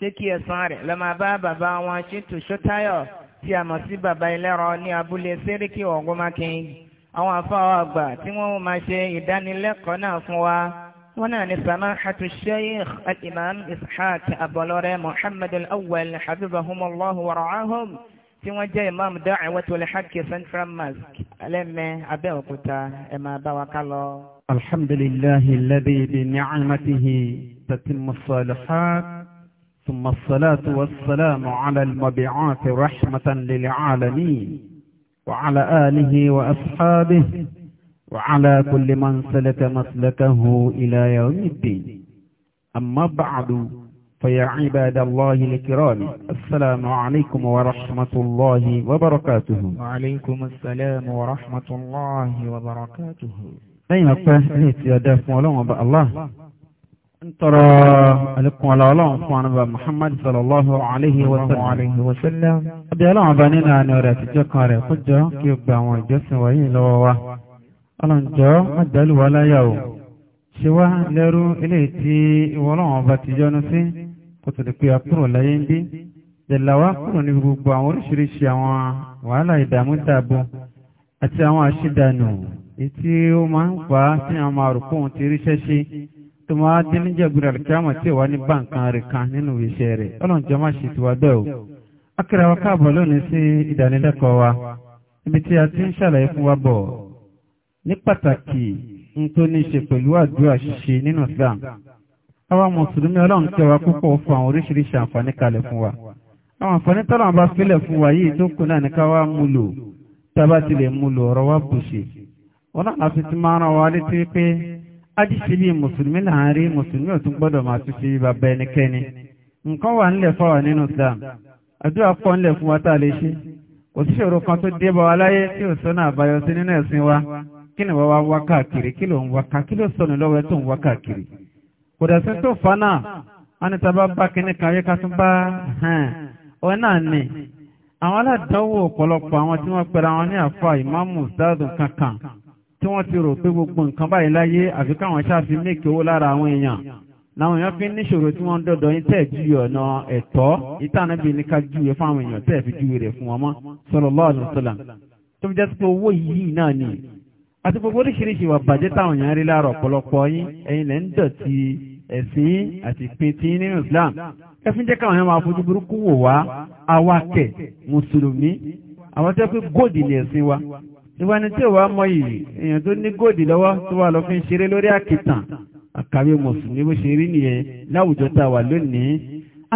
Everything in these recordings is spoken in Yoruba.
pé kí ẹ̀san rẹ̀ lọ máa bá bàbá wọn Chintu Ṣótáyọ̀ tí a mọ̀ sí bàbá ẹlẹ́rọ ní abúlé Séríkì Ògúnmákin àwọn afáwọ̀ àgbà tí wọ́n máa ṣe ìdánilẹ́kọ̀ọ́ náà fún wa wọ́n náà ní samahatu sheikh al-imam ishaq abọlọ́rẹ́ Muhammad al-awwal habibahumullahu wa tí wọ́n jẹ́ imam da'watul haqq central mosque alẹ́mẹ́ abẹ́òkúta ẹ̀ máa bá wa ká lọ. alhamdulillahi alladhi bi ni'matihi tatimmu salihat. ثم الصلاة والسلام على المبيعات رحمة للعالمين وعلى آله وأصحابه وعلى كل من سلك مسلكه إلى يوم الدين أما بعد فيا عباد الله الكرام السلام عليكم ورحمة الله وبركاته وعليكم السلام ورحمة الله وبركاته أين أقول يا يا الله, الله tọrọ alikun ala ọlọ́run fún anaba muhammad sallallahu alayhi wa sallam ọdí ọlọ́run ọba nínú àní ọ̀rẹ́ àtijọ́ kan rẹ̀ kójọ kí o gba àwọn ìjọsìn wọ̀nyí lọ́wọ́ wa ọlọ́njọ́ májàlúwà láyà o ṣe wá lẹ́rú ilé tí ìwọ ọlọ́run ọba ti yọ́nú sí kó tó lè pé tó máa dín ní jẹ́gbìrì àríkàmọ̀ tí wà ní báǹkan rẹ̀ kan nínú iṣẹ́ rẹ̀ ọlọ́run jọ máa ṣe tiwa bẹ́ẹ̀ o. akẹ́rẹ́ àwọn káàbọ̀ lónìí sí ìdánilẹ́kọ̀ọ́ wa ibi tí a ti ń ṣàlàyé fún wa bọ̀ ní pàtàkì ń tó ní ṣe pẹ̀lú àdúrà ṣíṣe nínú Islam. àwa mùsùlùmí ọlọ́run wa púpọ̀ fún àwọn oríṣiríṣi àǹfààní kalẹ̀ fún wa. àwọn àǹfààní ajíṣìbí mùsùlùmí láàárín mùsùlùmí ò tún gbọ́dọ̀ máa tún ṣe bàbá ẹnikẹ́ni nǹkan wà nílẹ̀ wa tá lè ṣe kan tó wa tí ò sọ́nà àbáyọ sí nínú ẹ̀sìn wa kí ni wàá wá káàkiri kí ló ń wá ká kí ló sọnù lọ́wọ́ ẹ tó ń wá káàkiri fa náà wọn ni bá kan yẹ ká tún bá ọ náà ni àwọn ọ̀pọ̀lọpọ̀ àwọn tí wọ́n pẹ̀lú àwọn ní àfa ìmáàmù sáàdùn tí wọ́n ti rò pé gbogbo nǹkan báyìí láyé àfi káwọn ṣáàfi méèkì owó lára àwọn èèyàn láwọn èèyàn fi níṣòro tí wọ́n dọ́dọ̀ yín tẹ́ẹ̀ ju ọ̀nà ẹ̀tọ́ ìtànàbí ní ká júwe fáwọn èèyàn tẹ́ẹ̀ fi júwe rẹ̀ fún wọn mọ́ sallallahu alaihi wasallam tó fi jẹ́ sí pé owó yìí náà ni àti gbogbo oríṣiríṣi wà bàjẹ́ táwọn èèyàn rí ìwà ni tí ò wá mọ yìí èèyàn tó ní góòdì lọ́wọ́ tó wà lọ fi ń ṣeré lórí àkìtàn àkàwé mùsùlùmí bó ṣe rí nìyẹn láwùjọ tá a wà lónìí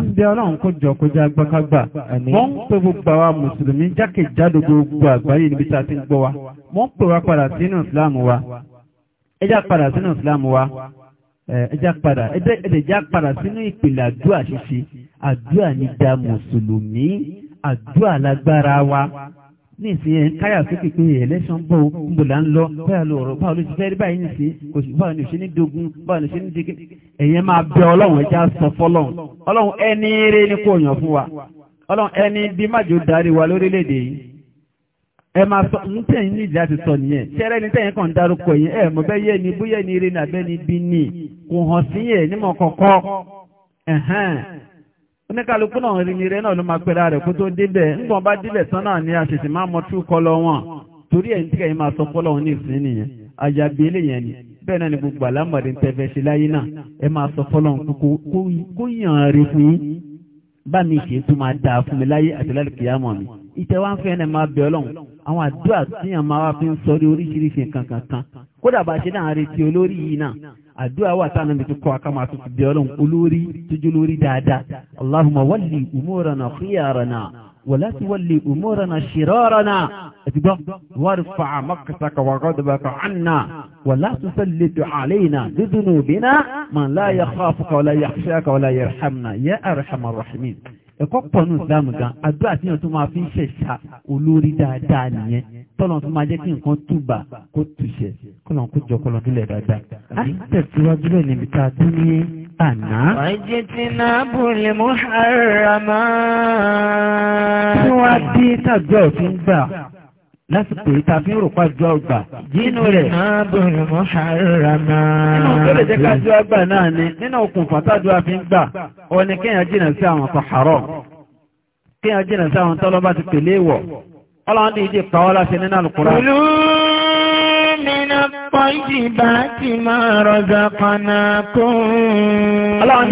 àbẹ̀ ọlọ́run kó jọ kó já gbọ́kágbà mọ́ ń pè gbogbo àwa mùsùlùmí jákèjádò gbogbo àgbáyé níbi tá a ti ń gbọ́ wa mọ́ ń pè wá padà sínú ìsìláàmù wa ẹjá padà sínú ìsìláàmù wa ẹjá padà ẹjá padà sínú ìpìlẹ̀ àdúrà ṣíṣe àdúrà ní mùsùlùmí àdúrà lágbára wa ní ìsìn yẹn káyà sókè pé election bọ̀ ń bò là ń lọ báyà ló rọ̀ báwo ló ti fẹ́ẹ́ rí báyìí nìsín kò sí báwo ni òṣèlú dogun báwo ni òṣèlú dégé ẹ̀yẹn máa bẹ ọlọ́run ẹja sọ fọlọ́run ọlọ́run ẹni eré ni kò yàn fún wa ọlọ́run ẹni bí májò darí wa lórílẹ̀‐èdè yìí ẹ máa sọ ní tẹ̀yìn ní ìjà ti sọ nìyẹn tẹ́rẹ́ ní tẹ̀yìn kan dárúkọ yẹn ẹ ni bóyá ni eré ni àbẹ́ni bí ni kò hàn oníkàlùkù náà rí ni rẹ náà ló máa pẹ̀lá rẹ̀ kó tó débẹ̀ nígbọ̀n bá débẹ̀ tán náà ni a ṣèṣì máa mọ tú kọlọ wọn torí ẹ̀ ń tíkẹ́ yìí máa sọ kọlọ wọn ní ìsìn nìyẹn àjàgbé eléyẹn ni bẹ́ẹ̀ náà ni gbogbo àlámọ̀rin tẹ́fẹ́ ṣe láyé náà ẹ máa sọ kọlọ kó yàn rí fún yín bá mi ṣe tó máa dáa fún mi láyé àti lálùkìyàmọ̀ mi ìtẹ́ wá ń fẹ́ ẹnẹ̀ máa bẹ̀ ọlọ́run àwọn àdúrà tíyàn máa wá fi ń sọ ní oríṣiríṣi nǹkan kankan kódà bá ṣe náà retí olórí yìí náà àdúrà wà tánà mi tó kọ́ akáma tó ti bẹ̀ ọlọ́run olórí tójú lórí dáadáa Allahumma walli umurana khiyarana wala tuwalli umurana shirarana ẹ̀tìgbọ́ warfa maqtaka wa ghadabaka anna wala tusallit alayna bidunubina man la yakhafuka wala yakhshaka ẹ̀kọ́ pọ̀ ní ìsìlámù gan àdúrà tí yàn tó máa fi ń ṣẹ̀ṣà olórí dáadáa nìyẹn tọ́lọ̀ tó máa jẹ́ kí nǹkan túbà kó túṣẹ̀ kọ́lọ̀ kó jọ kọ́lọ̀ nílẹ̀ dáadáa. a ti tẹ̀síwájú lẹ̀ níbi tá a tún ní àná. ọ̀jẹ̀ tí náà bù lè mú àràmá. tí wọ́n á dé tàbí ọ̀fin gbà na yìí tàbí òrùpa ọgbà rẹ̀. máa bọ̀rọ̀ mọ́ nínú jẹ́ ká jọ ọgbà náà ni fi ń gbà ọ ni kéèyàn jìnà sí àwọn tó haram kéèyàn jìnà sí àwọn tọ́lọ́ bá ti wọ̀ ọlọ́run ìdí pàwọ́ láti nínú àlùkùrá. na bá ti máa rọ̀jà kaná kún. ọlọ́run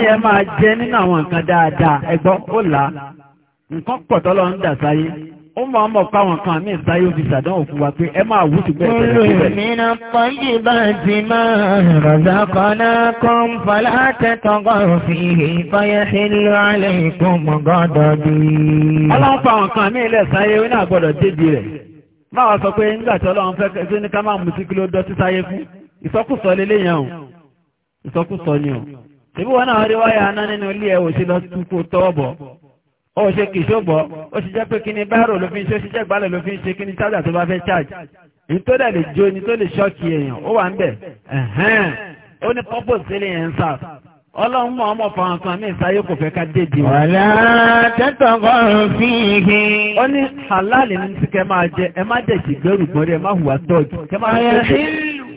ni ẹ ó máa mọ̀ fáwọn kan mí ìsáyé ó fi ṣàdánwò fún wa pé ẹ máa wú ṣùgbọ́n ẹ̀sẹ̀ bá ti máa rọ̀dà kọ́nà kan tẹ́tọ́gọ́ fi ìfọyẹ́ mọ́gọ́dọ̀ bí. ọlọ́run fáwọn kan ilẹ̀ débi rẹ̀. máa sọ pé nígbà tí ọlọ́run fẹ́ ní ká máa mú sí dọ́ ó ṣe kì í ṣògbọ́ ó ṣe jẹ́ pé kí ni báárò ló fi ń ṣe ó ṣe jẹ́ gbálẹ̀ ló fi ń ṣe kí ni chájà tó bá fẹ́ chájì ní tó dẹ̀ lè jó ni tó lè ṣọ́ọ̀kì èèyàn ó wà ń bẹ̀ ẹ̀hẹ́n ó ní pọ́pọ̀ sílẹ̀ yẹn sáà ọlọ́run mọ̀ ọmọ fàwọn kan ní ìsáyé kò fẹ́ ká dédé wọn. wàlá tẹ́tọ̀kọ́ fi ihe. ó ní halal ní ti kẹ́ máa jẹ ẹ má dẹ̀ sí gbẹ́rù gbọ́dẹ̀ ẹ má hùwà tọ́jú. kẹ́ máa ṣe ṣe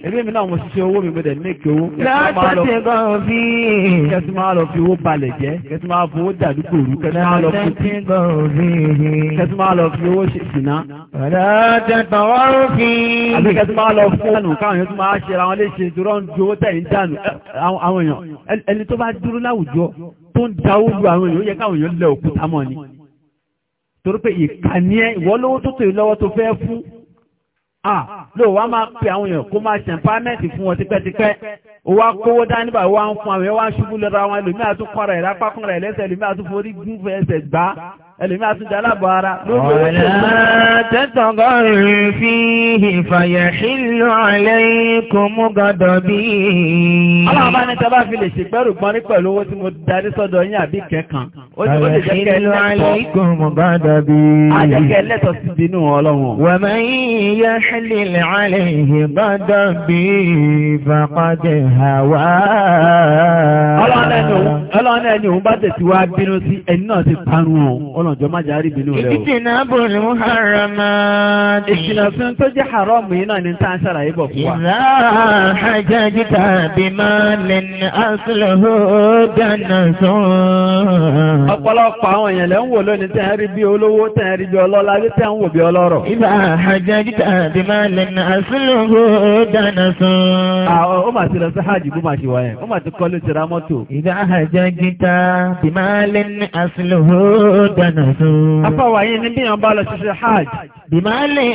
èmi mi náà mo ṣiṣẹ́ owó mi gbọ́dẹ̀ méèkì owó. látẹ̀tẹ̀kọ́ fi. kẹ́tù máa lọ fi owó balẹ̀ jẹ́ kẹ́tù máa fowó dàdúgbò rú kẹ́tù máa lọ fi kẹ́tù máa lọ fi owó ṣìnà. látẹ̀tẹ̀kọ́ fi. àbí kẹ́tù máa lọ fún. káwọn yẹn tún máa ṣe tó bá dúró láwùjọ tó ń da olú àwọn èèyàn yẹ káwọn èèyàn lẹ òkúta mọ́ ni torí pé ìkànnì ẹ ìwọ lówó tó tòyí lọ́wọ́ tó fẹ́ fún à ló wá máa pe àwọn èèyàn kó máa ṣe pámẹ́ǹtì fún wọn tipẹ́tipẹ́ ó wá kówó dání báyìí wá ń fún àwọn èèyàn wá ń ṣubú lọ́ra wọn ẹlòmíà tún kọ́ra ẹ̀ lápá kọ́ra ẹ̀ lẹ́sẹ̀ ẹlòmíà tún forí gún fẹsẹ̀ gbá ẹlùmí àti jalábọ̀ ara lórí ọ̀rẹ́ tẹ́tọ̀gọ́ fi ìfàyẹ̀ ìlú alaykum gọ́dọ̀ bí i. aláwọ̀ bá ní tẹ́bá fi lè ṣe pẹ́rù pọ́n ní pẹ̀lú owó tí mo darí sọ́dọ̀ yín àbí kẹ́kàn ó ti lè jẹ́ kẹ́ lẹ́tọ̀ọ́ alaykum gọ́dọ̀ bí sí bínú ọlọ́run. wa man yahlil alayhi gọ́dọ̀ náà jọ máa járí bínú rẹ̀ o. ìdíjìnà bò ní harama dì. ìṣìnà fún tó jẹ́ haramu yìí náà ni tá a ṣàlàyé bọ̀ fún wa. ìlà àjájú tàbí máa lè ní aṣọ́lọ́hó dáná sán. ọ̀pọ̀lọpọ̀ àwọn èèyàn lẹ́ ń wò lónìí tẹ́ ń rí bí olówó tẹ́ ń rí bí ọlọ́lá bí tẹ́ ń wò bí ọlọ́rọ̀. ìlà àjájú tàbí máa lè ní aṣọ́lọ́hó dáná àwọn ó mà ti lọ sí hajj bó mà ṣe wá ó mà ti kọ́ ló ti ra mọ́tò. ìlà àjájú máa lè ní aṣọ́lọ́hó Hmm. Afọ́wà yìí ní bí wọ́n bá lọ ṣiṣẹ́ hajj. Bìmá lè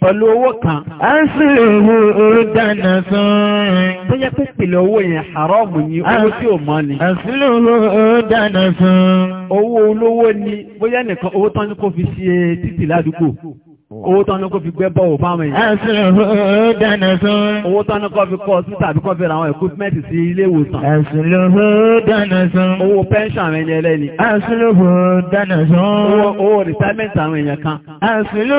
pẹ̀lú owó kan. A ń sílè wo orí dáná sán. Tó yẹ pé pèlè owó yẹn haramu ni owó tí ò mọ́ ni. A ń sílè wo orí dáná sán. Owó olówó ni bóyá nìkan owó tán ní kó fi ṣe títì ládùúgbò. Owó tán ní kó fi gbẹ́ bọ́wọ̀ fáwọn èèyàn. Ẹ̀sìn ló dáná sán. Owó tán ní kó fi kọ́ sí tàbí kó fi ra àwọn equipment sí ilé ìwòsàn. Ẹ̀sìn ló dáná sán. Owó pension àwọn ẹni ẹlẹ́ni. Ẹ̀sìn ló dáná sán. Owó retirement àwọn èèyàn kan. Ẹ̀sìn ló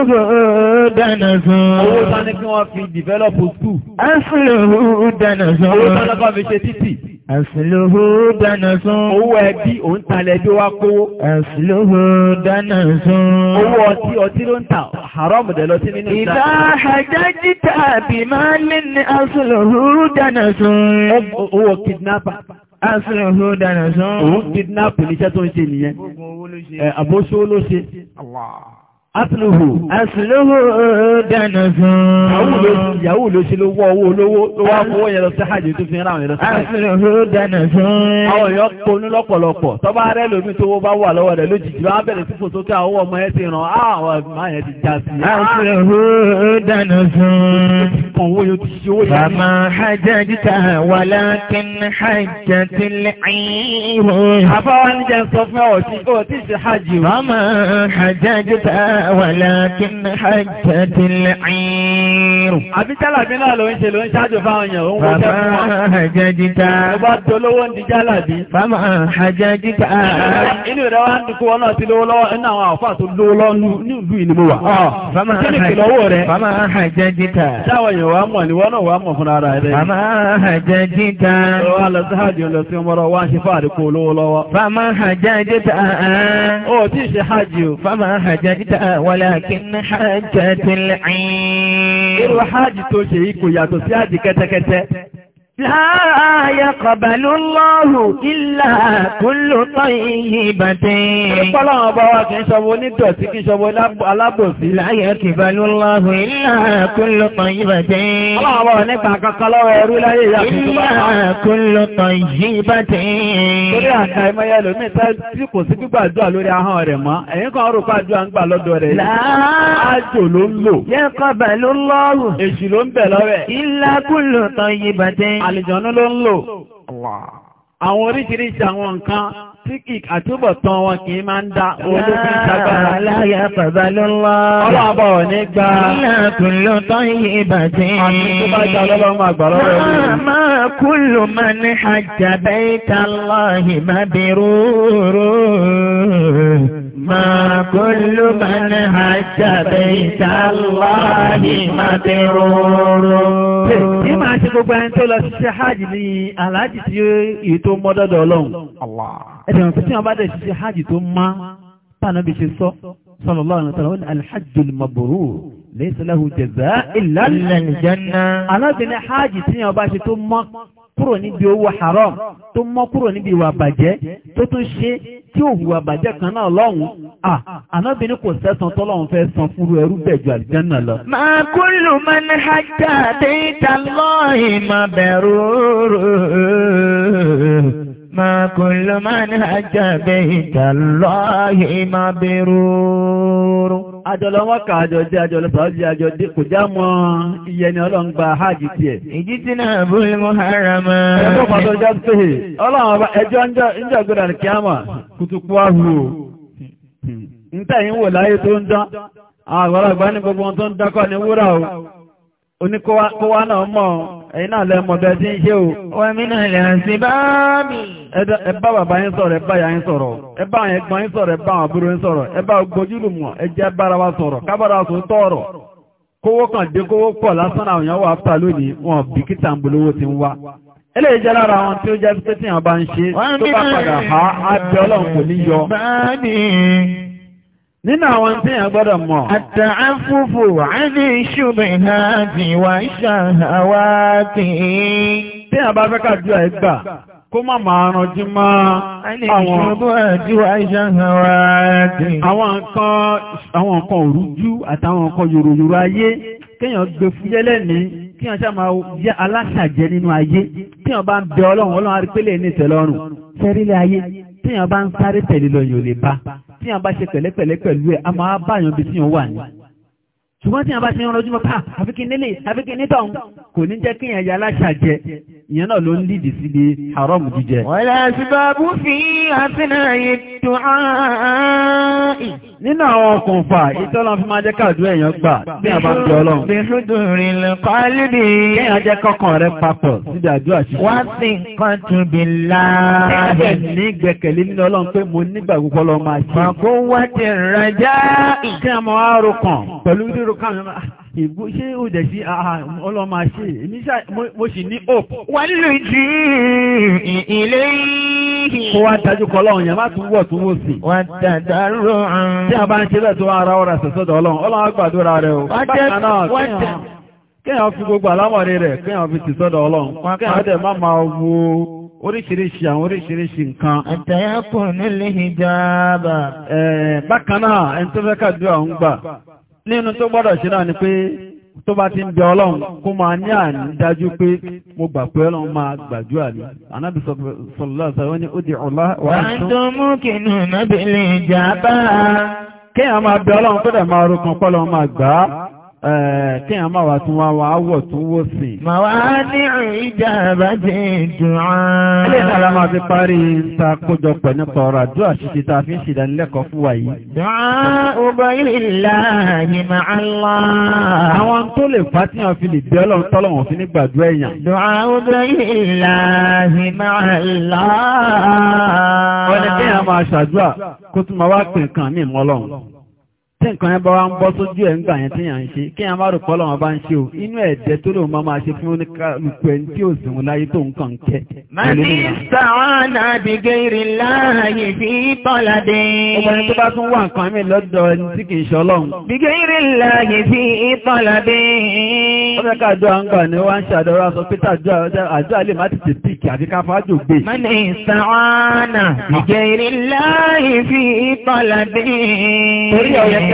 dáná sán. Owó tán ní kí wọ́n fi develop school. Ẹ̀sìn ló dáná sán. Owó tán ní kó fi ṣe títì. Àṣìlóhó dáná sún. Owó ẹbí òun talẹ̀ bí wá kówó. Àṣìlóhó dáná sún. Owó ọtí ọtí ló ń ta haram dẹ̀ lọ sí nínú ìta. Ìbá àjájí tàbí máa lé ní àṣìlóhó dáná sún. Owó kidnapper. Àṣìlóhó dáná sún. Òun kidnap níṣẹ́ tó ń ṣe nìyẹn. Àbóṣó ló ṣe. Allah. Asìlúhù. Asìlúhù dáná fún. Ìyàwó ló ṣe ló wọ́ owó olówó tó wá fowó yẹn lọ sí hajj tó fi ń ráwọn ẹ̀rọ sí hajj. Asìlúhù dáná fún. Àwọn èèyàn ponú lọ́pọ̀lọpọ̀. Tọ́ba rẹ̀ lómi tó wọ́ bá wà lọ́wọ́ rẹ̀ lójijì bá bẹ̀rẹ̀ sí fòtó kí àwọn ọmọ ẹ̀ ti ràn àwọn ọmọ yẹn ti já sí. Asìlúhù dáná fún. Bàmá hajjajta walakin hajjatil ìhùn. Àbáwá ní ولكن حجة العين Àbí jálàbí náà ló ń ṣe ló ń ṣáájú fáwọn èèyàn òun wọ́n tẹ́kùn wọn. Bàbá àjẹ́jíta. Ọba tó lówó ń di jálàbí. Bàbá àjẹ́jíta. Inú rẹ̀ wá ń dùkú wọn náà ti lówó lọ́wọ́ nínú àwọn àfà tó lówó lọ́wọ́ ní ìlú ìlú mo wà. Bàbá ah, àjẹ́jíta. Táwọn èèyàn wá mọ̀ ni wọ́n náà wá mọ̀ fún Bàbá àjẹ́jíta. Wọ́n lọ ájì tó ṣe yìí kò yàtọ̀ sí ájì kẹ́tẹ́kẹ́tẹ́. لا يقبل الله إلا كل طيبة فلا أبواك إشبوا ندوسك إشبوا الأبوس لا يقبل الله إلا كل طيبة فلا أبواك كقلا ويرو لا إلا كل طيبة torí àkà ẹmọ yẹ lómi tá tí kò sí àlìjọ̀nú ló ń lò àwọn oríṣiríṣi àwọn nǹkan tí kì àtúbọ̀ tán wọn kì í máa ń dá olóògùn ìtagbára. aláya bàbá ló ń lọ. ọlọ́ọ̀bọ̀ ní gba. ilé kùlù tó yí ìbàjẹ́. àti tó bá jẹ́ ọlọ́lọ́run máa gbà lọ́wọ́ Allahi má bẹ̀rù ما كل من حج بيت الله مبرور Ní máa ṣe gbogbo ẹni tó lọ ṣiṣẹ́ hajj ní aláàjì tí yìí tó mọ́ dọ́dọ̀ ọlọ́run. Ẹ̀sẹ̀ wọn tí wọ́n bá dẹ̀ ṣiṣẹ́ hajj tó má tánà bí ṣe sọ, sallallahu alaihi wasallam ní alhajjul mabrur, laysa lahu jazaa illa al-jannah. Alábìnrin hajj tí wọ́n bá ṣe tó mọ́ kúrò níbi owó haram, tó mọ́ kúrò níbi ìwà bàjẹ́, tó tún ṣe tí ò hùwà bàjẹ́ kan náà lọ́hùn à ànábìnrin kò sẹ́sàn tọ́lọ́hun fẹ́ san fúru ẹrú bẹ̀jù àlìjánà lọ. máa kúlù máa ní hajjá àdéhìtà lọ́ọ̀hìn máa bẹ̀rù rò. ما كل من هج بيت الله مبرور ajọlọ wọn ajọdị àjọ jẹ́ àjọlọ sàájì àjọ kò já mọ́ iye tí náà pàtó ọlọ́run ọba ẹjọ́ jọ ní kíámà kùtùkù àhù o. ń tẹ̀yìn wò láyé tó ń dán àwọn àgbàlagbà ẹ̀yin náà lẹ́mọ̀ bẹ́ẹ̀ tí ń ṣe o. Wàmínà ilẹ̀ àti báàbì. Ẹ bá bàbá yín sọ̀rọ̀, ẹ bá ìyá yín sọ̀rọ̀, ẹ bá àwọn ẹ̀gbọ́n yín sọ̀rọ̀, ẹ bá àwọn àbúrò yín sọ̀rọ̀, ẹ bá gbojúlù mọ̀, ẹ jẹ́ bára wa sọ̀rọ̀, kábàrà sọ tọ̀rọ̀. Kówó kan dé kówó pọ̀ lásán àwọn èèyàn wà wọn tí ó jẹ́ pé tí àwọn bá ń ṣe tó bá padà há á bẹ Ọlọ́run kò ní yọ. Nínú àwọn tí a gbọ́dọ̀ mọ̀. Àtàáfúfù àní ìṣúbẹ̀ náà ti wà ìṣàhàwá tí. Tí a bá fẹ́ kàjú àìgbà, kó má máa rànjú mọ́ àwọn àwọn nǹkan àwọn nǹkan òrújú àtàwọn nǹkan yòròyòrò ayé kéèyàn gbé fúyẹ́lẹ̀ ní kéèyàn ṣá máa yá aláṣàjẹ́ nínú ayé kéèyàn bá ń bẹ ọlọ́run ọlọ́run arípélé ní ìtẹ̀lọ́rùn fẹ́rílẹ̀ ayé kéèyàn bá ń sáré tẹ̀lé lọ yòlè bá tí a bá ṣe pẹ̀lẹ́pẹ̀lẹ́ pẹ̀lú ẹ̀ a máa báyàn bí tí wọ́n wà ní ṣùgbọ́n tí a bá ti ń rọjúmọ́ pa ah, àfikín nílé àfikín nítọ̀hún kò ní jẹ́ kí èèyàn ya aláṣà jẹ ìyẹn náà ló ń lìdì síbi haram jíjẹ. wọ́lá síbábú fi àfihàn ètò ààrẹ. nínú àwọn okùnfà ìtọ́lọ́ fi máa jẹ́ lérò ìbú si ó dẹ̀ sí ọlọ́mà ṣe èmi mo sì ní ji wà nílò ìdí ilé kó wá dájú kọ lọ́hùn yẹn má tún wọ̀ tún wò sí. a bá ń ṣe bẹ́ẹ̀ ara ọ̀rà sọ̀sọ́dọ̀ ọlọ́run ọlọ́run gbàdúrà o. náà kéèyàn fi gbogbo alamori rẹ̀ kéèyàn fi ti ọlọ́run kéèyàn dẹ̀ má máa wo oríṣiríṣi àwọn oríṣiríṣi nǹkan. àtẹ̀yẹ́kùn nílé ẹni tó fẹ́ kàdúrà ń gbà nínú tó gbọ́dọ̀ ṣe náà ni pé tó bá ti ń bẹ ọlọ́run kó máa ní àní dájú pé mo gbà pé ọlọ́run máa gbàdúrà ní anábì sọ̀rọ̀lá ní ó di ọlọ́run kí eh, a máa wà tún wá wá wọ̀ tún wó sí. Mà wá ní ìjà àbájẹ́ ìdùnà. Ilé ìdára máa fi parí ta kójọpọ̀ nípa ọ̀rọ̀ àdúrà ṣíṣe ta fi ń ṣìdánilẹ́kọ̀ọ́ fún wa yìí. Dùnà ọgbà ìlà yìí máa Àwọn tó lè fà tí wọ́n fi lè bí ọlọ́run tọ́lọ̀ fi ní gbàdúrà èèyàn. Dùnà ọgbà ìlà tí nǹkan ẹ bá wá ń bọ́ sójú ẹ̀ ń yẹn tí yà ń ṣe kí a má rò pọ́ lọ́wọ́ bá ń ṣe o inú ẹ̀dẹ́ tó lòun máa ṣe fún oníkàlùkù ẹni tí ò sìn láyé tó nǹkan ń kẹ́. màtí sàwọn àbígẹ́ fi tọ́lá dé. obìnrin tó bá tún wà nǹkan mi lọ́dọ̀ ẹni tí kì í ṣe ọlọ́run. bígẹ́ ìrìnlá fi tọ́lá dé. ọbẹ̀ ká àjọ àǹgbà ni wọ́n ń ṣàdọ́rà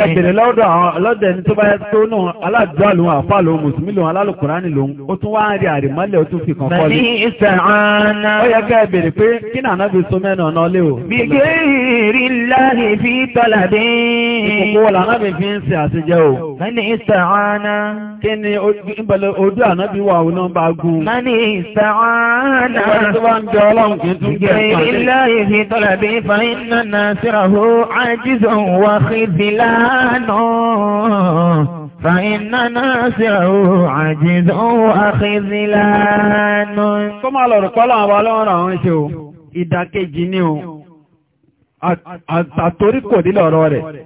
ẹgbẹ̀rẹ̀ lọ́dọ̀ àwọn ọlọ́dẹ̀ ní tó bá tó nù aládùúgbò lòun àfà lòun mùsùlùmí lòun alálùkùránì lòun ó tún wá ń rí àrìmọ́lẹ̀ ó tún fi kàn kọ́lé. ó yẹ ká ẹgbẹ̀rẹ̀ pé kí nàánà fi so mẹ́nu ọ̀nà lé o. gbígbé ìrì láàyè fi tọ́lá dé. ìkókó wọn làánà mi fi ń sin àtijọ́ o. mẹ́ni ìsàánà. kí ni ojú àná bí wà ó náà bá gún. mẹ́ni ìsàánà. ìwádìí tó bá ń jẹ ọlọ́run kì í tún jẹ خذلان فإننا سعوا عجز وخذلان Kó máa lọ̀rọ̀ pọ́lọ̀ àwọn ọlọ́run àwọn ṣe o, ìdàkejì ni o, àtàtorí kò dí rẹ̀.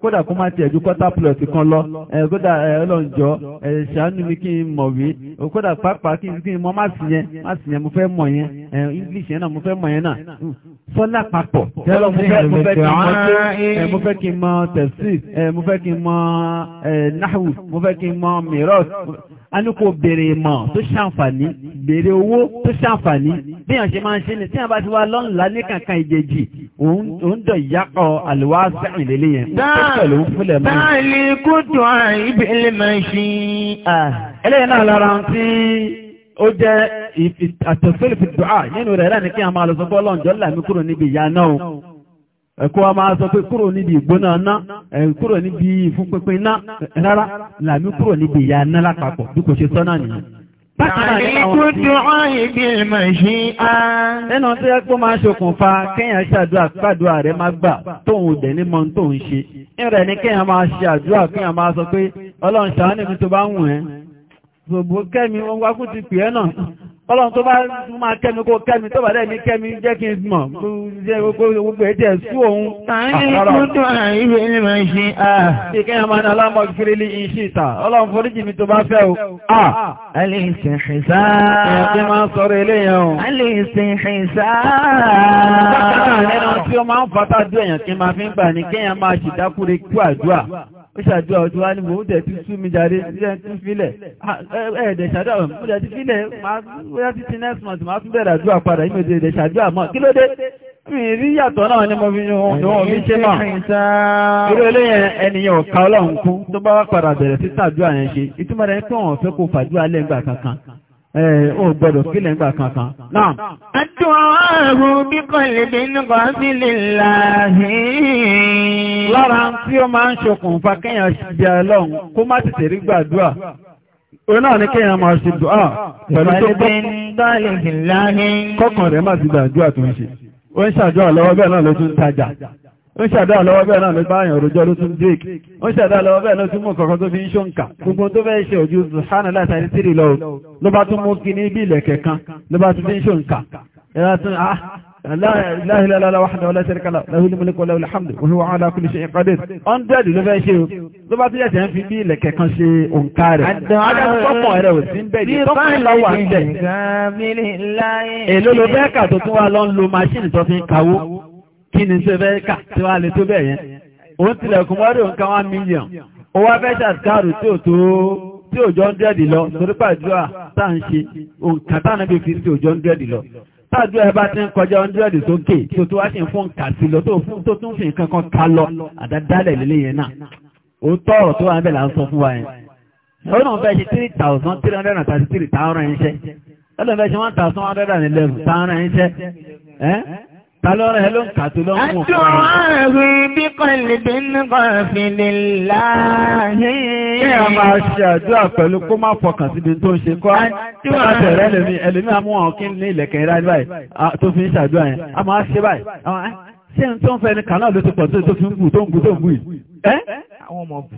kódà kó má tiẹ̀ ju quarter plus kan lọ kódà ọlọ́njọ́ ṣàánú mi kí n mọ̀ wí kódà pàápàá kí n mọ̀ má sì yẹn má sì yẹn mo fẹ́ mọ̀ yẹn English yẹn náà mo fẹ́ mọ̀ yẹn náà hmm. sọ́lá papọ̀ tẹ́lọ̀ mo fẹ́ kí n mọ̀ tẹ̀sí mo fẹ́ kí n mọ̀ nahwu mo fẹ́ kí n mọ̀ mìíràn a ní kò bèrè ìmọ̀ tó ṣàǹfààní bèrè owó tó ṣàǹfààní bí yàn ṣe máa ń ṣe ni tí yàn bá ti wá lọ́nlá ní kankan ìjejì òun dọ̀ ìyàkọ̀ àlùwá sẹ́yìn lélẹ̀ yẹn. báàlì kútu ìbílẹ̀ máa ń ṣe à. eléyìí náà lára ń tí ó jẹ́ àtọ̀sọ́lẹ̀ fi nínú rẹ̀ rẹ̀ ní kí a máa lọ sọ bọ́ọ̀lù làmí kúrò níbi ìyá náà ẹ̀kọ́ wa máa sọ pé kúrò níbi ìgbóná ná kúrò níbi ìfúnpínpín ná rárá làmí kúrò níbi ìyá ná lápapọ̀ bí kò ṣe sọ́nà nìyẹn. Nínú tí ẹ pọ́ máa ṣokùnfà kéèyàn ṣàdúrà pàdúrà rẹ̀ máa gbà tóun dẹ̀ ní mọ́ tóun ṣe. Ìrẹ̀ ni kéèyàn máa ṣe àdúrà kéèyàn máa sọ pé Ọlọ́run ṣàánú mi tó bá wù ẹ́. Gbogbo kẹ́mi wọn wákùn ti pè é náà ọlọ́run tó bá máa kẹ́mi kó kẹ́mi tó bá dẹ̀ ní kẹ́mi jẹ́ kí n mọ̀ gbogbo ẹ̀jẹ̀ sú òun. àárín ah, kúndùn àìwé ni màá ṣe à. Ah. kí kẹ́yìn máa ní alámọ̀ kiri lé iṣẹ́ ìta ọlọ́run foríjì mi tó bá fẹ́ o. a ah. alẹ́ ìsìn ṣìṣá. ẹ̀sìn ń sọ̀rọ̀ eléyàn ó ṣàdúrà ọjọ́ wá ní mò ń tẹ̀ tí sú mi jáde sílẹ̀ tún fílẹ̀ ẹ̀ẹ̀dẹ̀ ṣàdúrà mọ̀ mo jẹ́ ti fílẹ̀ bóyá ti next month máa tún bẹ̀rẹ̀ àdúrà padà yìí mo ti ẹ̀ẹ̀dẹ̀ ṣàdúrà kí ló dé rí yàtọ̀ náà ni mo fi yún mi ṣe mọ̀ irú ṣe ìtumọ̀ ó eh, gbọ́dọ̀ sílẹ̀ ńgbà kankan. Náà. Àdùn ààrùn bíkọ̀ lèdè nígbà sí láàáhí. Lára tí ó máa ń ṣokùnfà kéèyàn bí ọlọ́run kó má tètè rí gbàdúrà. Òun náà ni kéèyàn máa ṣe dùn pẹ̀lú tó kọ́kàn rẹ̀ má ti gbàdúrà tó ń ṣe. Ó ń ṣàdúrà lọ́wọ́ bẹ́ẹ̀ náà ló tún tajà ó ń ṣàdá lọ́wọ́ bẹ́ẹ̀ náà ló bá àyàn òròjọ́ ló tún break ó ń ṣàdá lọ́wọ́ bẹ́ẹ̀ náà tún mú kankan tó fi ń ṣóǹkà gbogbo tó fẹ́ ṣe ojú sùhánà látàrí tírì lọ ló bá tún mú kí ní bí ilẹ̀kẹ̀ kan ló bá tún fi ń ṣóǹkà ẹ̀rọ tún ah لا إله إلا الله وحده ولا شريك له له الملك الحمد وهو على كل شيء قدير أن دادي شيء لو باتي جاتي في شيء أنكار هذا صفو هذا وزين بيدي صفو لو عندك kí ni ṣe fẹ́ kà tí wàá lè tó bẹ̀ yẹn òun tilẹ̀kùn mọ́rí nǹkan one million ó wá fẹ́ ṣàtìkárù tí ò tó tí òjò ń dẹ́ẹ̀dì lọ torí pàdúrà tá à ń ṣe nǹkan tá à náà bí fi tí òjò ń dẹ́ẹ̀dì lọ táàdúrà ẹ bá ti ń kọjá ọ́ndúrẹ́dì sókè tó tó wá sí fún nǹkan sí lọ tó tún fi nǹkan kan ká lọ àdádálẹ̀ lílé yẹn náà ó tọ̀rọ̀ tó wà ń bẹ̀ là ń sọ fún wa yẹn ó náà fẹ́ ṣe three thousand three hundred and thirty three táwọn ẹ̀ńṣẹ́ ó náà fẹ́ ṣe one thousand one hundred and eleven táwọn ẹ̀ńṣẹ́ Tàlọ́rọ̀ ẹ ló ń kàtó lọ́wọ́ fún ọ̀pọ̀. Àjọ ààrùn bí kọlìbí ń kọ̀ fi lè láàyè. Kí a máa ṣe àdúrà pẹ̀lú kó má fọkàn síbi tó ń ṣe kọ́. Àjọ àtẹ̀rẹ́ ẹlòmí ẹlòmí àmú àwọn kí ní ilẹ̀kẹ̀ ìrá báyìí tó fi ń ṣàdúrà yẹn. A máa ṣe báyìí. Ṣé n tó ń fẹ́ ni kànáà ló ti pọ̀ tó ń gù tó ń gù tó ń gù yìí? àwọn ọmọ bù.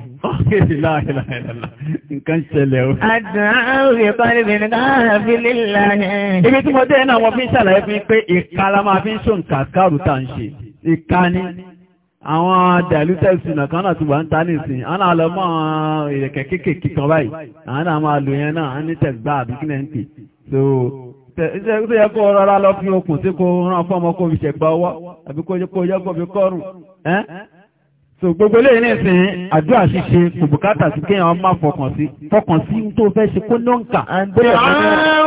nǹkan ṣẹlẹ̀ o. àdùn ìkọlẹ̀ bìnrin káàrà fi lílà ní. ibi tí mo dé náà mo fi ń ṣàlàyé fún pé ìkàlà máa fi ń ṣò nǹkan kárù tá à ń ṣe ìkànnì àwọn diluted sinà kan náà ti wà ń ta nísìn àwọn náà lọ mọ́ àwọn ìrẹ̀kẹ̀ kéékèèké kan báyìí àwọn náà máa lò yẹn náà ní tẹ̀gbá àbí kí náà ń pè so iṣẹ́ tó yẹ kó rọra lọ fi okùn tí kò rán fún ọmọ fi ṣẹ̀gbá ọwọ́ àbí kó yẹ kó fi kọ́rùn ẹ́ so gbogbo lè ní ìsìn àdúrà ṣíṣe kùbùkátà sí kí èèyàn máa fọkàn sí fọkàn sí tó fẹ́ ṣe kó ló ń kà.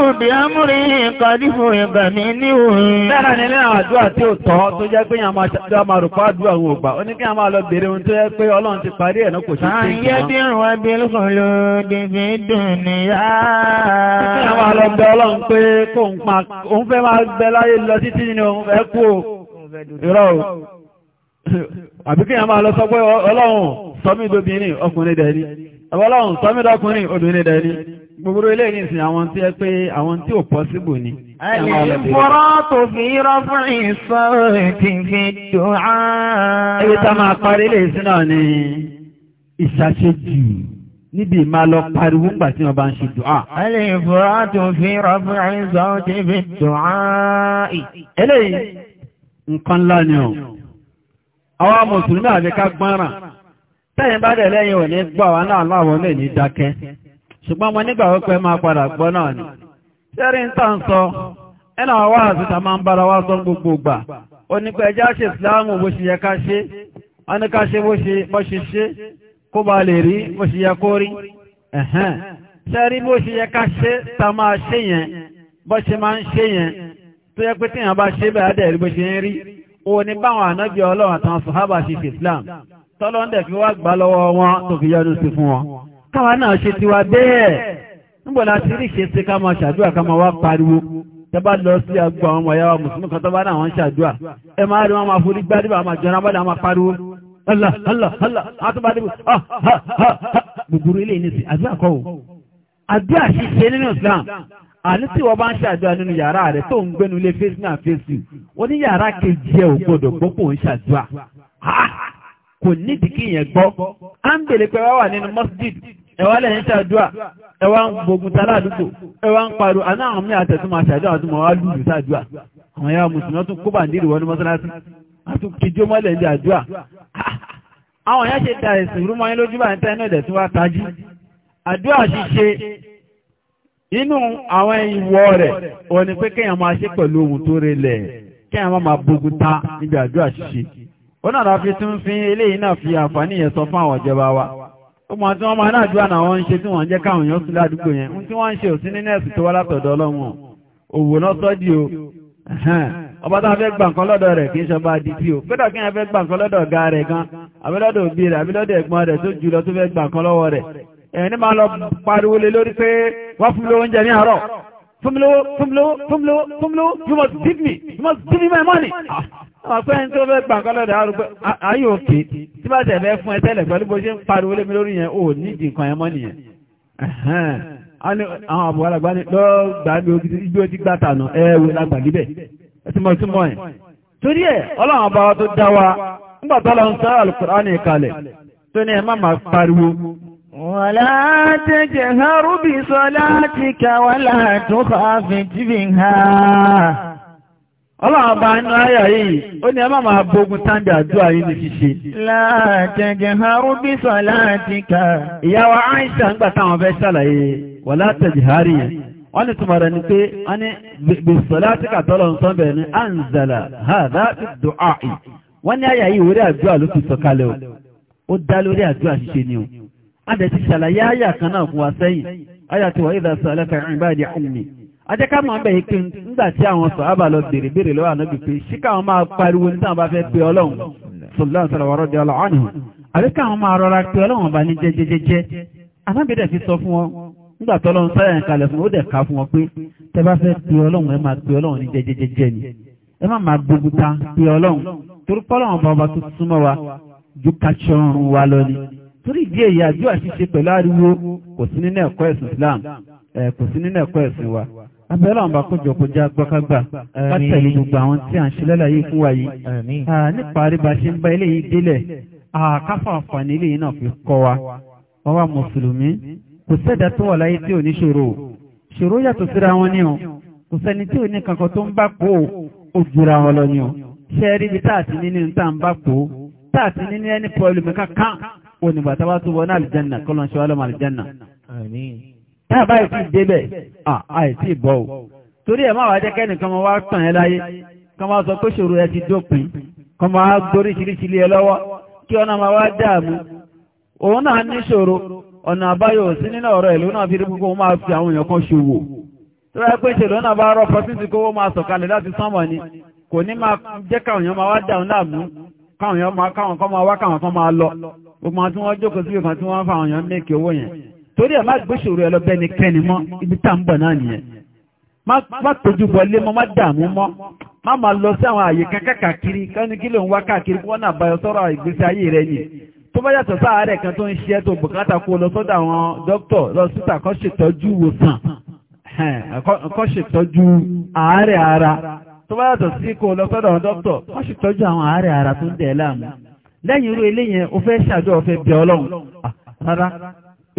òbí amúrí kàdífò ìgbà mi ní òun. dára ní nínú àdúrà tí ó tọ́ tó jẹ́ pé èèyàn máa rò pa àdúrà òun ògbà ó ní kí èèyàn máa lọ bèèrè ohun tó yẹ pé ọlọ́run ti parí ẹ̀ náà kò ṣe é. ayé bí ẹbí ló àbíkíyàn máa lọ sọ pé ọlọ́run sọmí ìdóbìnrin ọkùnrin dẹ̀ẹ́ni ọlọ́run sọmí ìdọ́kùnrin obìnrin dẹ̀ẹ́ni gbogbo ilé ní ìsìn àwọn tí ẹ pé àwọn tí ò pọ́síbò ni. Àlèkúrọ́ tó fi rọ́fù ìsọ́rọ̀ ti fi dùn án. Ebi tá máa parí ilé ìsìn níbi máa lọ pariwo ńgbà tí wọ́n bá ń ṣe dùn án. Àlèkúrọ́ tó fi rọ́fù ìsọ́rọ̀ ti fi dùn án. Eléyìí nǹkan ńlá àwọn mùsùlùmí àfikà gbọ́nràn tẹ́yìn bá dẹ̀ lẹ́yìn ò gbọ́ àwọn náà láwọn lè ní ṣùgbọ́n mo nígbà wípé máa padà gbọ́ náà ni sẹ́rin tàn sọ ẹnà wá àtúntà máa ń bára wá sọ gbogbo gbà ó ní pé ẹjá ṣe ìsìláàmù bó ṣe yẹ ká ṣe ní ká ṣe bó ṣe bó ṣe ta máa ṣe yẹn bó ṣe máa yẹn tó yẹ pé òun ni báwọn ànábì ọlọ́run àtàwọn sọ̀hábà ṣe ṣe Islam tọ́lọ́ ń dẹ̀ fi wá gbà lọ́wọ́ wọn tó fi yọ́nú sí fún wọn káwa náà ṣe tiwa bẹ́ẹ̀ nígbà láti rí ṣe ṣe ká máa ṣàdúrà ká máa wá pariwo tẹ́bá lọ sí agbó àwọn ọmọ ìyáwó mùsùlùmí kan tó náà wọ́n ṣàdúrà ẹ máa rí wọn máa forí gbádùbà máa jọra bọ́dà máa pariwo Allah Allah Allah àtúbádìbò gbogbo ilé ní sí àdúrà kọ́ àdúrà ṣiṣẹ́ nínú Islam àní tí wọ́n bá ń ṣàdúrà nínú yàrá rẹ̀ tó ń gbénu lé face náà face wọ́n ní yàrá kejì ẹ̀ ò gbọ́dọ̀ gbọ́ pò ń ṣàdúrà kò nídìí kí yẹn gbọ́ à ń bèèrè pé wá wà nínú masjid ẹwà lẹ́yìn ṣàdúrà ẹwà ń gbógun tálá àdúgbò ẹwà ń pariwo àná àwọn mí àtẹ̀tún máa ṣàdúrà tó máa wá lùlù ṣàdúrà àwọn ya mùsùlùmí tún kó bàndìrì wọnú mọ́sálásí àti kejì mọ́lẹ̀ ní àdúrà inú àwọn ìwọ rẹ̀ òun ni pé kéèyàn máa ṣe pẹ̀lú ohun tó relẹ̀ kéèyàn máa máa bógun ta níbi àjọ àṣìṣe ó náà láfi tún fi eléyìí náà fi àǹfààní yẹn sọ fún àwọn ìjọba wa ó mọ tí wọ́n máa náà dúrà náà wọ́n ń ṣe tí wọ́n ń jẹ́ káwọn èèyàn sí ládùúgbò yẹn ohun tí ń ṣe nínú tó wá òwò náà o ọba tó fẹ́ gbà nǹkan o kí ẹ̀yìn máa lọ pariwo lé lórí pé wọ́n fún mi oúnjẹ ní àárọ̀ fún mi fún mi fún mi fún mi you must me you must ah, fún oh, ní ibi ti gbà tànà lágbà níbẹ̀ ẹ ti mọ̀ torí ẹ ọlọ́run ọba tó ń tó ní ẹ ولا تجهر بصلاتك ولا تخافت بها Ọlọ́run bá inú ayà yìí, ó ní ẹ má máa bógun tándì àdúrà yìí ní ṣíṣe. La tajharu bi salatika. Ìyàwó Aisha ń gbà táwọn fẹ́ ṣàlàyé, wala tajhari yẹn. Wọ́n ní túnmọ̀ rẹ̀ ni pé, wọ́n ní bi salatika tọ́lọ̀ ń sọ́bẹ̀ ní anzala hadha fi du'a'i. Wọ́n ní ayà yìí orí àdúrà ló fi sọ̀kalẹ̀ o. Ó dá lórí àdúrà ṣíṣe ni o adẹ̀ ti ṣàlàyé àyà kan náà fún wa sẹ́yìn àyà tí wọ́n ìdá sọ̀rọ̀ lẹ́fẹ̀ẹ́ rìn báyìí ọ̀nì ajẹ́ká máa ń bẹ̀ yìí pé nígbà tí àwọn sọ̀hábà lọ bèrè bèrè lọ́wọ́ àná gbèpè ṣí káwọn máa pariwo ní táwọn bá fẹ́ pe ọlọ́run sọ̀lọ́run sọ̀rọ̀ wọ́rọ́ di ọlọ́run àná àbí káwọn máa rọra pe ọlọ́run bá ní jẹ́jẹ́jẹ́jẹ́ alábẹ̀dẹ̀ fi sọ fún wọn nígbà tọ́lọ́run sáyà ń kalẹ̀ fún ó dẹ̀ ká fún wọn pé tẹ́ bá fẹ́ pe ọlọ́run ẹ máa pe ọlọ́run ní jẹ́jẹ́jẹ́jẹ́ ni ẹ má máa gbógun ta pe ọlọ́run torí pọ́lọ́run bá ọba tó súnmọ́ wa ju kàṣọ́run wa lọ ni torí ìdí èyí àjọ àṣìṣe pẹ̀lú ariwo kò sí nínú ẹ̀kọ́ ẹ̀sìn Islam kò sí nínú ẹ̀kọ́ ẹ̀sìn wa abẹ́lá ọ̀nà kójọ kó já gbọ́kágbà látẹ̀lé gbogbo àwọn tí à ń ṣe lẹ́làyé fún wa yìí nípa àríbá ṣe ń bá ilé yìí délẹ̀ àkáfà àǹfààní ilé yìí náà fi kọ́ wa wọ́n wá mùsùlùmí kò sẹ́dá tó wà láyé tí ò ní ṣòro ṣòro yàtọ̀ síra wọn ní o kò sẹ́ni tí ò ní kankan tó ń bá pò ó jura wọn lọ ní o ṣe é ríbi táàtì nínú táà ń bá pò ó táàtì nínú ẹni pọ̀ ẹlòmíkà kán onígbà tá a bá tún wọ ní àlìjánà kọ́lọ́n ṣe wá lọ́mọ àlìjánà. tá a bá yìí ti débẹ̀ àìsí ìbọ̀ o torí ẹ̀ máa wá jẹ́ kẹ́nìkan máa wá tàn ẹ́ láyé kọ́ máa sọ pé ṣòro ẹ ti dópin kọ́ máa gbóríṣiríṣi lé ẹ lọ́wọ́ kí ọ̀nà máa wá dààmú òun náà ní ṣòro ọ̀nà àbáyọ sí nínú ọ̀rọ̀ ìlú náà fi rí púpọ̀ máa fi àwọn èèyàn kan ṣòwò tó wáyé pé ṣèlú náà bá rọ́ pọ́sítì kówó máa sọ̀kalẹ̀ láti sánmọ̀ ni kò ní máa jẹ́ káwọn èèyàn máa wá dààmú láàmú káwọn èèyàn máa káwọn kan máa wá káwọn kan máa lọ gbogbo tí wọ́n jókòó sí ìkan tí wọ́n fà àwọn mẹ́kẹ̀ owó yẹn torí ẹ̀ má gbéṣòro ẹ̀ lọ bẹ́ni kẹ́ni mọ́ ibi tá ń bọ̀ náà nìyẹn má tójú bọlé mọ́ má dààmú mọ́ má máa lọ sí àwọn àyè kankan káàkiri kání kí ló ń wá káàkiri kí wọ́n náà bá yọ sọ́rọ̀ ìgbésí ayé rẹ̀ ni tó bá yàtọ̀ sáàárẹ̀ kan tó ń ṣe tó bùkátà kó lọ sọ́dọ̀ àwọn dókítọ̀ lọ síta kó ṣètọ́jú wòsàn kó ṣètọ́jú àárẹ̀ ara tó bá yàtọ̀ sí kó lọ sọ́dọ̀ àwọn dókítọ̀ kó ṣètọ́jú àwọn àárẹ̀ ara tó ń dẹ̀ láàmú lẹ́yìn irú eléyìn o fẹ́ ṣàdọ́ ọ̀fẹ́ bẹ ọlọ́run ah, rárá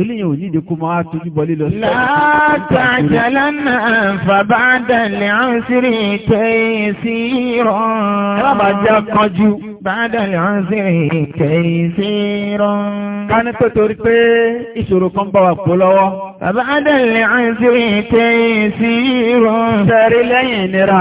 eléyìn ò nídìí kó máa tójú bọ lílọ sí ọ̀rọ̀ látàjà lánàá fàbádà lè rọ̀ rábà lẹ́yìn ìnira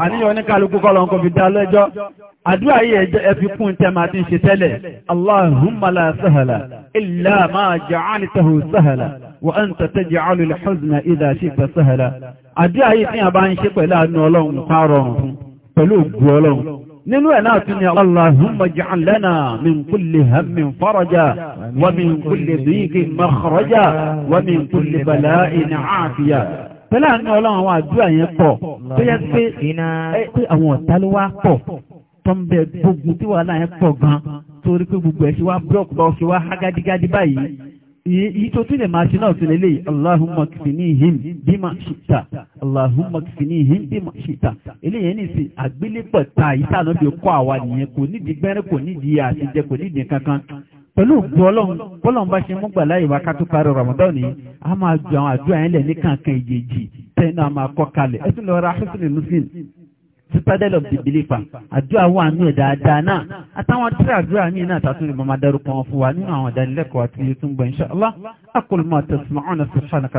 àníyàn oníkàlùkù kọ́lọ̀ ń kò fi dá lẹ́jọ́ àdúrà yìí ẹfi kún tẹ́mà tí ń ṣe tẹ́lẹ̀ Allahumma la sahla illa ma ja'altahu sahla wa anta taj'alu al-huzna idha shi'ta sahla àdúrà ń ṣe pẹ̀lú àánú pẹ̀lú àánú ọlọ́run àwọn àdúrà yẹn pọ̀ tó yẹ pé pé àwọn ọ̀tá ló wá pọ̀ tó ń bẹ gbogbo tí wàhálà yẹn pọ̀ gan torí pé gbogbo ẹ̀ ṣe wá búrọ́ọ̀kì lọ ṣe wá há gádígádí báyìí èyí tó tún lè máa ṣe náà tún lélẹ̀ Allahumma kfinihim bima shi'ta Allahumma kfinihim bima shi'ta eléyìí ní sí àgbélépọ̀ ta ìtànà bí kọ́ àwa nìyẹn kò nídìí gbẹ́rẹ́ kò nídìí àtijẹ́ kò nídìí kankan pẹ̀lú ògbó ọlọ́run bọ́lọ̀ bá ṣe múgbà láyé wá ká tó parí Ramadan ni a máa ju àwọn àdúrà yẹn lẹ̀ ní kankan ìjèjì tẹ́nu a máa kọ́ kalẹ̀ ẹ tún lọ ra Husnul Muslim citadel of the believer àdúrà wà ní ẹ̀dá àdá náà àtàwọn tíra àdúrà míì náà tàtún lè máa dárúkọ wọn fún wa nínú àwọn ìdánilẹ́kọ̀ọ́ àti iye tó ń bọ̀ insha Allah aqulu ma tasma'una subhanaka